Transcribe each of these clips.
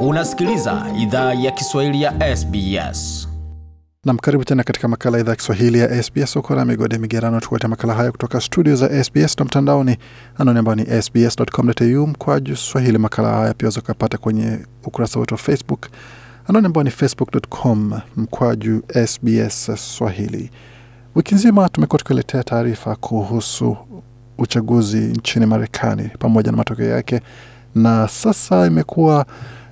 Unasikiliza idhaa ya Kiswahili ya SBS. Nam, karibu tena katika makala idhaa ya Kiswahili ya SBS. Uko na migode migerano, tukuleta makala haya kutoka studio za SBS na mtandaoni, anaoni ambao ni sbs.com.au mkwaju swahili. Makala haya pia waweza ukapata kwenye ukurasa wetu wa Facebook, anaoni ambao ni facebook.com mkwaju SBS Swahili. Wiki nzima tumekuwa tukiletea taarifa kuhusu uchaguzi nchini Marekani pamoja na matokeo yake, na sasa imekuwa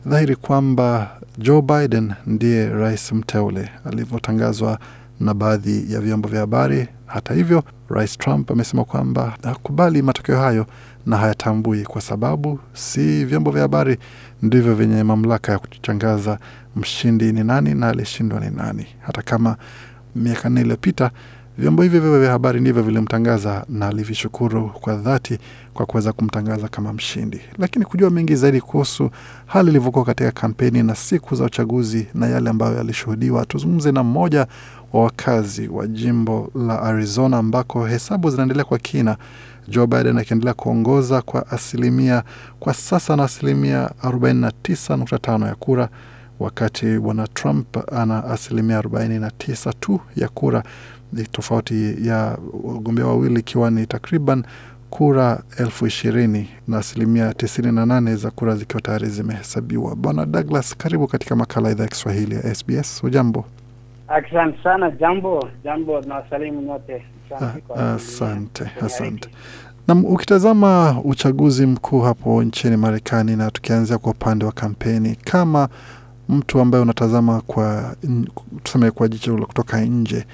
dhahiri kwamba Joe Biden ndiye rais mteule alivyotangazwa na baadhi ya vyombo vya habari. Hata hivyo, rais Trump amesema kwamba hakubali matokeo hayo na hayatambui, kwa sababu si vyombo vya habari ndivyo vyenye mamlaka ya kutangaza mshindi ni nani na alishindwa ni nani, hata kama miaka nne iliyopita Vyombo hivyo vivyo vya habari ndivyo vilimtangaza na alivishukuru kwa dhati kwa kuweza kumtangaza kama mshindi. Lakini kujua mengi zaidi kuhusu hali ilivyokuwa katika kampeni na siku za uchaguzi na yale ambayo yalishuhudiwa, tuzungumze na mmoja wa wakazi wa jimbo la Arizona ambako hesabu zinaendelea kwa kina. Joe Biden akiendelea kuongoza kwa asilimia kwa sasa na asilimia 49.5 ya kura wakati bwana Trump ana asilimia 49 tu ya kura, tofauti ya wagombea wawili ikiwa ni takriban kura elfu ishirini na asilimia 98 za kura zikiwa tayari zimehesabiwa. Bwana Douglas, karibu katika makala idhaa ya Kiswahili ya SBS. Ujambo? Asante sana. Jambo jambo na wasalimu nyote. Asante, ah, asante. Na ukitazama uchaguzi mkuu hapo nchini Marekani, na tukianzia kwa upande wa kampeni, kama mtu ambaye unatazama kwa tuseme kwa jicho la kutoka nje,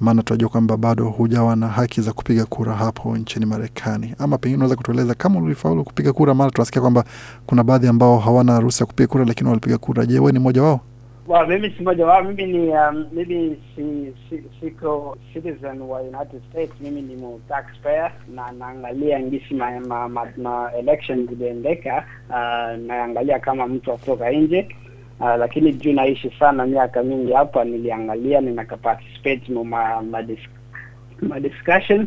maana tunajua kwamba bado hujawa na haki za kupiga kura hapo nchini Marekani. Ama pengine unaweza kutueleza kama ulifaulu kupiga kura, maana tunasikia kwamba kuna baadhi ambao hawana ruhusa ya kupiga kura lakini walipiga kura. Je, wewe ni mmoja wao? Well, mimi si mmoja wao. Mimi ni um, mimi si, si, siko citizen wa United States. Mimi ni mu taxpayer na naangalia ngisi ma, ma, ma, ma election ziliendeka. Uh, naangalia kama mtu wa kutoka nje Uh, lakini juu naishi sana miaka mingi hapa, niliangalia ninaka participate ma, ma, dis, ma discussion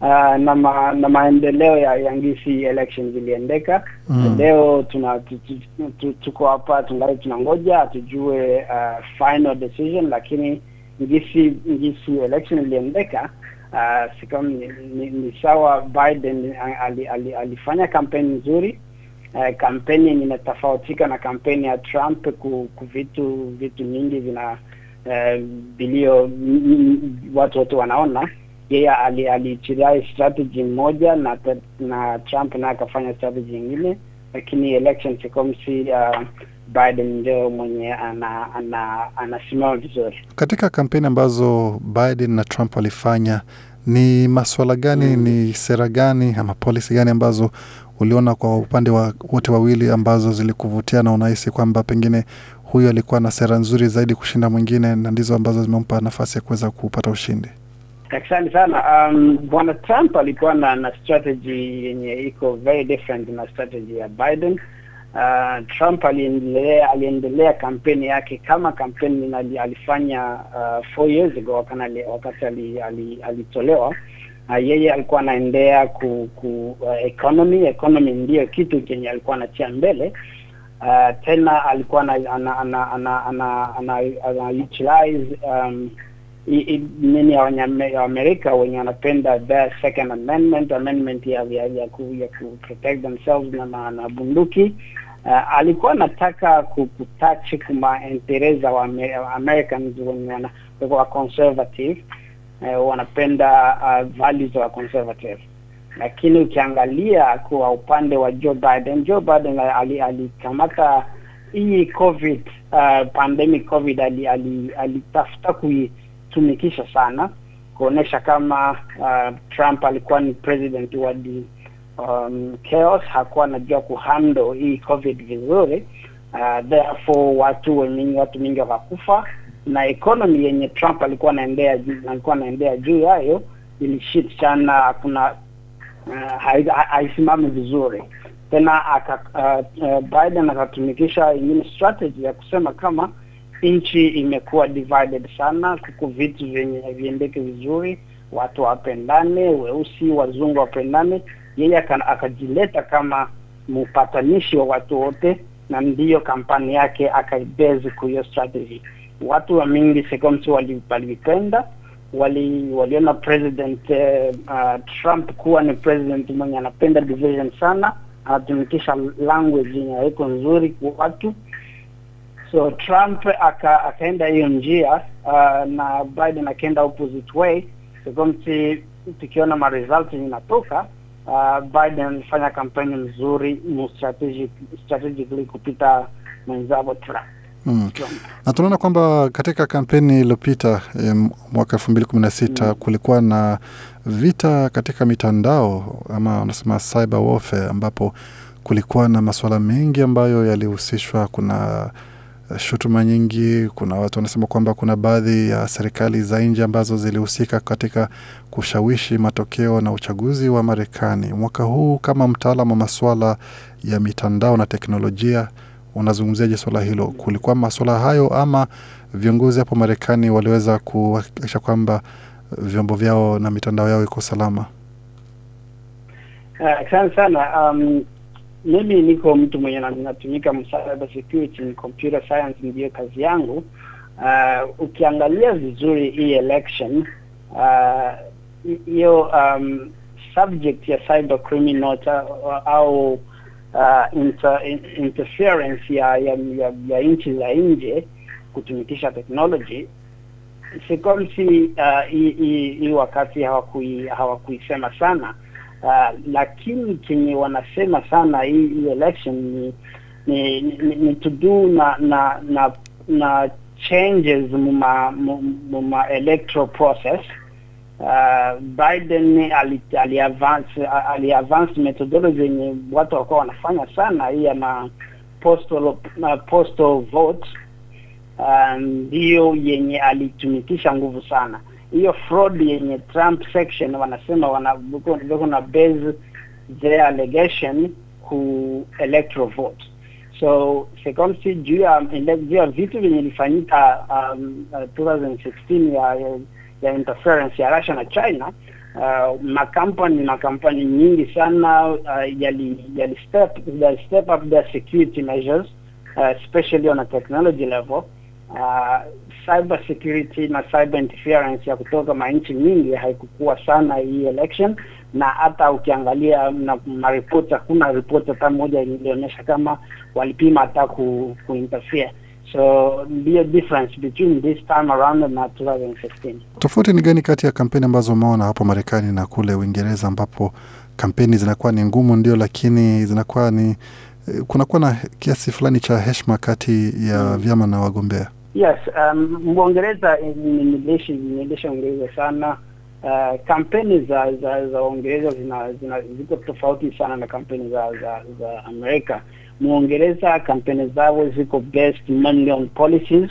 uh, na, ma, na maendeleo ya, yangisi election ziliendeka mm. Leo tuna tu, tu, tu, tuko hapa tungali tunangoja tujue uh, ah, final decision, lakini ngisi ngisi election iliendeka uh, sikam ni, ni, ni sawa Biden alifanya ali, ali, ali kampeni nzuri eh, kampeni yenye imetofautika na kampeni ya Trump ku, ku vitu vitu nyingi vina eh, bilio watu wote wanaona yeye alichiria ali strategy moja na na Trump naye akafanya strategy nyingine, lakini election secomsi uh, ah, Biden ndio mwenye anasimama ana, ana, ana vizuri katika kampeni ambazo Biden na Trump walifanya ni maswala gani mm, ni sera gani ama polisi gani ambazo uliona kwa upande wa wote wawili ambazo zilikuvutia na unahisi kwamba pengine huyu alikuwa na sera nzuri zaidi kushinda mwingine na ndizo ambazo zimempa nafasi ya kuweza kupata ushindi? Asante sana. Um, bwana Trump alikuwa na, na strategy yenye iko very different na strategy ya Biden uh, Trump aliendelea aliendelea kampeni yake kama kampeni alifanya uh, four years ago wakana, wakati alitolewa ali, ali uh, yeye alikuwa anaendea ku, ku uh, economy economy ndiyo kitu chenye alikuwa anatia mbele uh, tena alikuwa ana ana ana ana ana, ana, ana, ana utilize um, nini ya wamerika wenye wanapenda the second amendment amendment ya, ya, ya, ku, ya ku protect themselves na, na bunduki uh, alikuwa anataka kutouch intereza wa Americans wenye wa conservative uh, wanapenda uh, values wa conservative lakini ukiangalia kwa upande wa Joe Biden, Joe Biden alikamata ali hii COVID uh, pandemic COVID alitafuta ali, ali, ali tumikisha sana kuonesha kama uh, Trump alikuwa ni president wa di, um, chaos, hakuwa anajua kuhandle hii covid vizuri. Uh, therefore watu wengi watu mingi wakakufa, na economy yenye Trump alikuwa anaendea alikuwa anaendea juu yayo ilishit sana, kuna uh, haisimami vizuri tena aka, uh, uh, Biden akatumikisha ingine strategy ya kusema kama nchi imekuwa divided sana, kuku vitu vyenye viendeke vizuri, watu wapendane, weusi wazungu wapendane. Yeye akajileta kama mpatanishi wa watu wote, na ndiyo kampani yake akaibezi kuyo strategy. Watu wa mingi sekomsi walipenda wali waliona president eh, uh, Trump kuwa ni president mwenye anapenda division sana, anatumikisha language yenye haiko nzuri kwa watu So Trump aka, akaenda hiyo njia uh, na Biden akaenda opposite way. Sokomti tukiona maresult inatoka uh, Biden alifanya kampeni mzuri strategically kupita mwenzao Trump. Hmm. Na tunaona kwamba katika kampeni iliyopita mwaka elfu mbili kumi na sita hmm. kulikuwa na vita katika mitandao ama wanasema cyber warfare, ambapo kulikuwa na masuala mengi ambayo yalihusishwa. Kuna shutuma nyingi. Kuna watu wanasema kwamba kuna baadhi ya serikali za nje ambazo zilihusika katika kushawishi matokeo na uchaguzi wa Marekani mwaka huu. Kama mtaalam wa masuala ya mitandao na teknolojia, unazungumziaje swala hilo? Kulikuwa masuala hayo ama viongozi hapo Marekani waliweza kuhakikisha kwamba vyombo vyao na mitandao yao iko salama? Asante uh, sana um, mimi niko mtu mwenye natumika cyber security, ni computer science ndiyo kazi yangu. Uh, ukiangalia vizuri hii election uh, hiyo, uh, um, subject ya cyber criminal au uh, inter, in, interference ya, ya, ya, ya nchi za nje kutumikisha technology sikomsi uh, hii uh, wakati hawakui- hawakuisema sana uh, lakini chenye wanasema sana hii, hii election ni ni, ni, ni to do na na na, na changes muma, muma electoral process Uh, Biden ali, ali advance, ali advance methodology yenye watu wakuwa wanafanya sana hii ya ma postal, uh, postal vote uh, ndiyo yenye alitumikisha nguvu sana hiyo fraud yenye Trump section wanasema wanakuwa na base their allegation ku electoral vote so security juu ya juu ya vitu vyenye ilifanyika um, uh, 2016 ya, ya interference ya Russia na China uh, makampani makampani nyingi sana uh, yali yali step, yali step up their security measures uh, especially on a technology level uh, cyber security na cyber interference ya kutoka manchi mingi haikukua sana hii election, na hata ukiangalia na maripoti, hakuna ripoti hata moja ilionyesha kama walipima hata ku, ku So ndio difference between this time around na 2015. Tofauti ni gani kati ya kampeni ambazo umeona hapo Marekani na kule Uingereza ambapo kampeni zinakuwa ni ngumu ndio, lakini zinakuwa ni eh, kunakuwa na kiasi fulani cha heshma kati ya hmm. vyama na wagombea? Yes, um, Mwongereza eh, nimeendesha Uingereza sana. Uh, kampeni za za za Uingereza zina, zina ziko tofauti sana na kampeni za za, za Amerika. Mwongereza kampeni zao ziko based mainly on policies.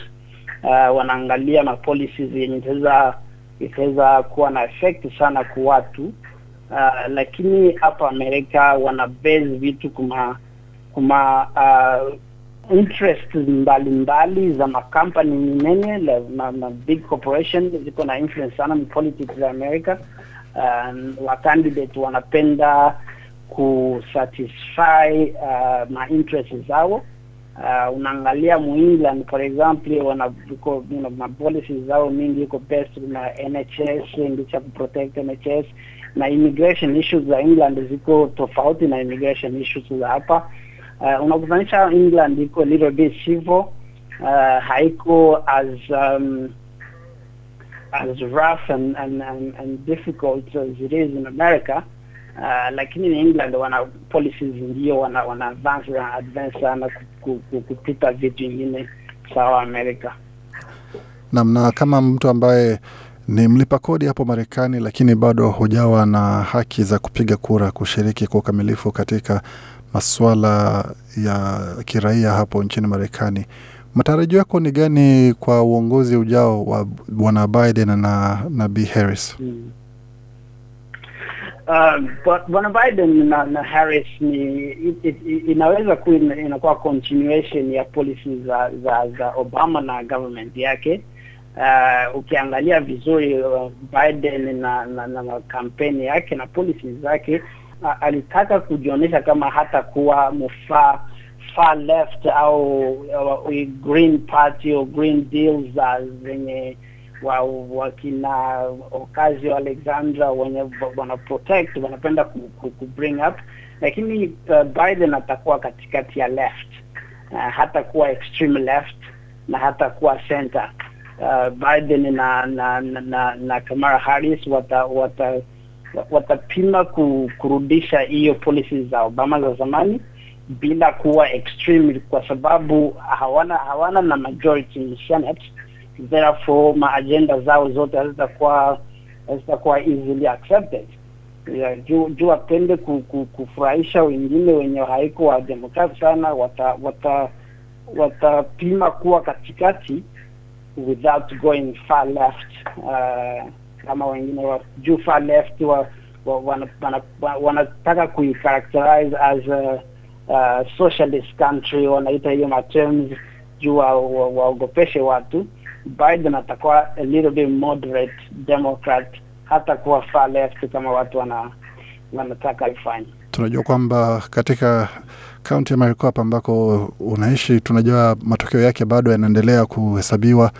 Uh, wanaangalia ma policies yenye itaweza itaweza kuwa na effect sana kwa watu uh, lakini hapa Amerika wana base vitu kuma kuma uh, interest mbalimbali mbali za makampani minene la, na, na big corporation ziko na influence sana in politics za America. um, wa candidate wanapenda kusatisfy uh, ma interest zao. Uh, unaangalia New for example, wana iko you know, ma policies zao mingi iko based na NHS, ndicha kuprotect NHS na immigration issues za England ziko tofauti na immigration issues za hapa uh, eh, unakuzanisha England iko little bit hivyo uh, eh, haiko as um, as rough and, and, and, and difficult as it is in America uh, lakini ni England wana policies ndio wana, wana advance wana advance sana kupita vitu ingine sawa Amerika. Naam, na kama mtu ambaye ni mlipa kodi hapo Marekani, lakini bado hujawa na haki za kupiga kura, kushiriki kwa ukamilifu katika masuala ya kiraia hapo nchini Marekani. Matarajio yako ni gani kwa uongozi ujao wa bwana Biden na, na b Harris? Hmm. Uh, bwana Biden na, na Harris ni it, it, inaweza ku inakuwa continuation ya policy za, za za Obama na government yake. Uh, ukiangalia vizuri uh, Biden na, na, na kampeni yake na polisi zake alitaka kujionyesha kama hata kuwa mfaa far left au uh, green party au green deals zenye wakina wa, wakina Ocasio Alexandra wenye wana protect wanapenda ku, ku, ku bring up, lakini uh, Biden atakuwa katikati ya left uh, hata kuwa extreme left na hata kuwa center. Uh, Biden na na, na, na, na Kamala Harris wata, wata watapima kurudisha hiyo policies za Obama za zamani bila kuwa extreme, kwa sababu hawana hawana na majority in Senate, therefore maajenda zao zote hazitakuwa hazitakuwa easily accepted. Yeah, juu juu wapende ku, ku, kufurahisha wengine wenye haiko wa demokrati sana, wata wata kuwa katikati without going far left uh, kama wengine wa jufa left wa, wa, wanataka wana, wana kuicharacterize as a, a socialist country, wanaita hiyo materms juu waogopeshe wa, wa watu. Biden atakuwa a little bit moderate democrat, hata kuwa far left kama watu wana, wanataka ifanye. Tunajua kwamba katika kaunti ya Mariokop ambako unaishi, tunajua matokeo yake bado yanaendelea kuhesabiwa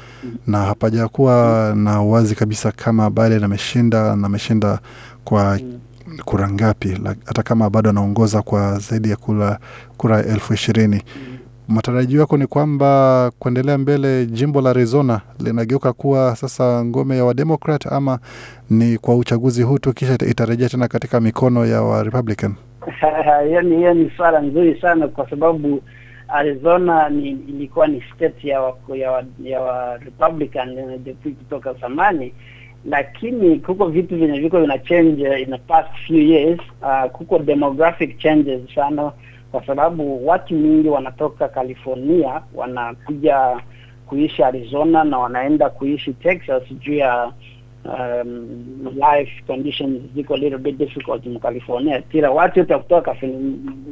na hapajakuwa na uwazi kabisa kama Biden ameshinda na ameshinda kwa kura ngapi, hata kama bado anaongoza kwa zaidi ya kura, kura elfu ishirini. Matarajio yako ni kwamba kuendelea mbele, jimbo la Arizona linageuka kuwa sasa ngome ya Wademokrat ama ni kwa uchaguzi huu tu, kisha itarejea tena katika mikono ya Warepublican? yani hiyo ni swala nzuri sana kwa sababu Arizona ni, ilikuwa ni state ya wa, ya, wa, ya wa Republican kutoka zamani, lakini kuko vitu vyenye viko vina change in the past few years. Uh, kuko demographic changes sana, kwa sababu watu mingi wanatoka California wanakuja kuishi Arizona na wanaenda kuishi Texas juu ya um, life conditions ziko a little bit difficult California. Kila watu kutoka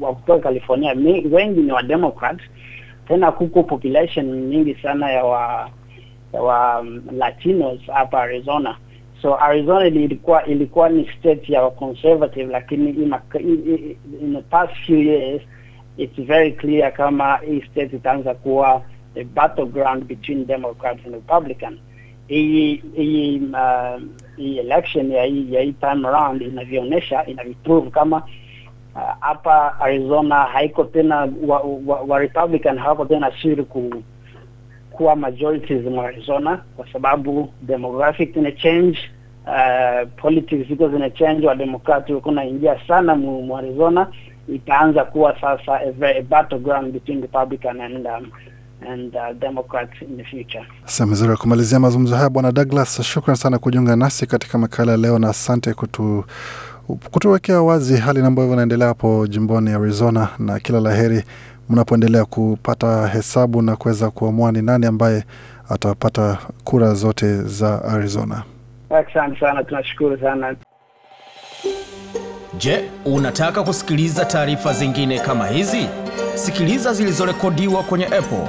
wa kutoka California wengi ni wa Democrat, tena kuko population nyingi sana ya wa ya wa um, Latinos hapa Arizona. So Arizona ilikuwa ilikuwa ni state ya conservative, lakini ima, in the past few years it's very clear kama hii state itaanza kuwa a battleground between Democrats and Republicans hii hii uh, hii election ya hii ya hii time round inavionyesha inaviprove kama hapa uh, Arizona haiko tena wa, wa, wa Republican hawako tena siri ku kuwa majorities mwa Arizona kwa sababu demographic ina change uh, politics ziko zina change wa demokrati wako ingia sana mu, mu Arizona itaanza kuwa sasa a, a battleground between Republican and um, and uh, Democrats in the future. Sehemu nzuri ya kumalizia mazungumzo haya, Bwana Douglas, shukran sana kujiunga nasi katika makala leo, na asante kutu kutuwekea wazi hali ambayo inaendelea hapo jimboni Arizona, na kila la heri mnapoendelea kupata hesabu na kuweza kuamua ni nani ambaye atapata kura zote za Arizona. Asante sana, tunashukuru sana. Je, unataka kusikiliza taarifa zingine kama hizi? Sikiliza zilizorekodiwa kwenye Apple